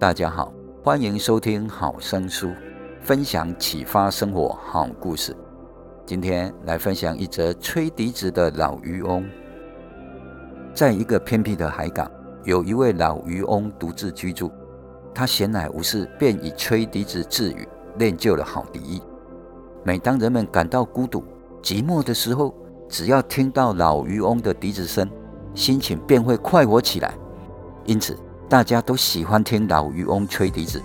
大家好，歡迎收聽好聲書，分享啟發生活好故事。今天來分享一則吹笛子的老漁翁。在一個偏僻的海港，有一位老漁翁獨自居住。他閒來無事，便以吹笛子自娛，練就了好笛藝。每當人們感到孤獨、寂寞的時候，只要聽到老漁翁的笛子聲，心情便會快活起來。因此，大家都喜歡聽老漁翁吹笛子，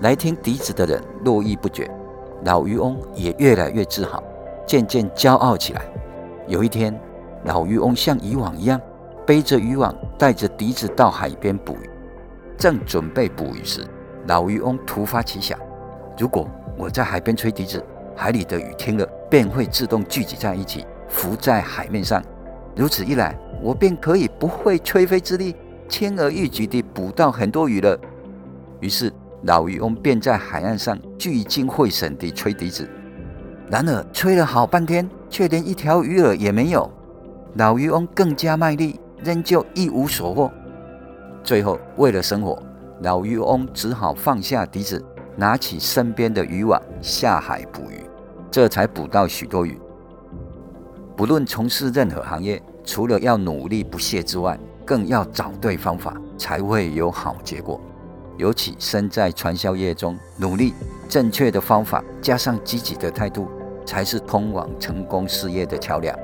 來聽笛子的人絡繹不絕，老漁翁也越來越自豪，漸漸驕傲起來。有一天，老漁翁像以往一樣背着漁網，帶着笛子到海邊捕魚。正準備捕魚時，老漁翁突發奇想：如果我在海邊吹笛子，海裡的魚聽了便會自動聚集在一起，浮在海面上。如此一來，我便可以不費吹灰之力。輕而易舉地捕到很多魚了。於是老漁翁便在海岸上聚精會神地吹笛子。然而吹了好半天，卻連一條魚兒也沒有。老漁翁更加賣力，仍舊一無所獲。最後，為了生活，老漁翁只好放下笛子，拿起身邊的漁網下海捕魚，這才捕到許多魚。不論從事任何行業，除了要努力不懈之外，更要找對方法，才會有好結果。尤其身在傳銷業中，努力、正確的方法加上積極的態度，才是通往成功事業的橋梁。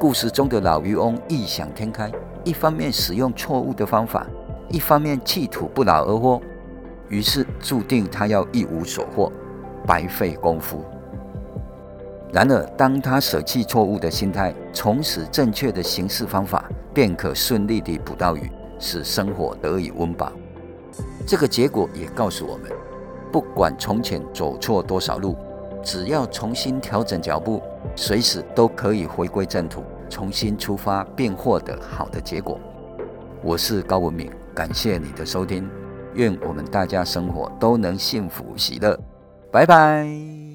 故事中的老漁翁異想天開，一方面使用錯誤的方法，一方面企圖不勞而獲，於是注定他要一無所獲，白費功夫。然而，當他捨棄錯誤的心態，重拾正確的行事方法，便可順利地捕到魚，使生活得以溫飽。這個結果也告訴我們，不管從前走錯多少路，只要重新調整腳步，隨時都可以回歸正途，重新出發，並獲得好的結果。我是高文明，感謝你的收聽，願我們大家生活都能幸福喜樂。拜拜。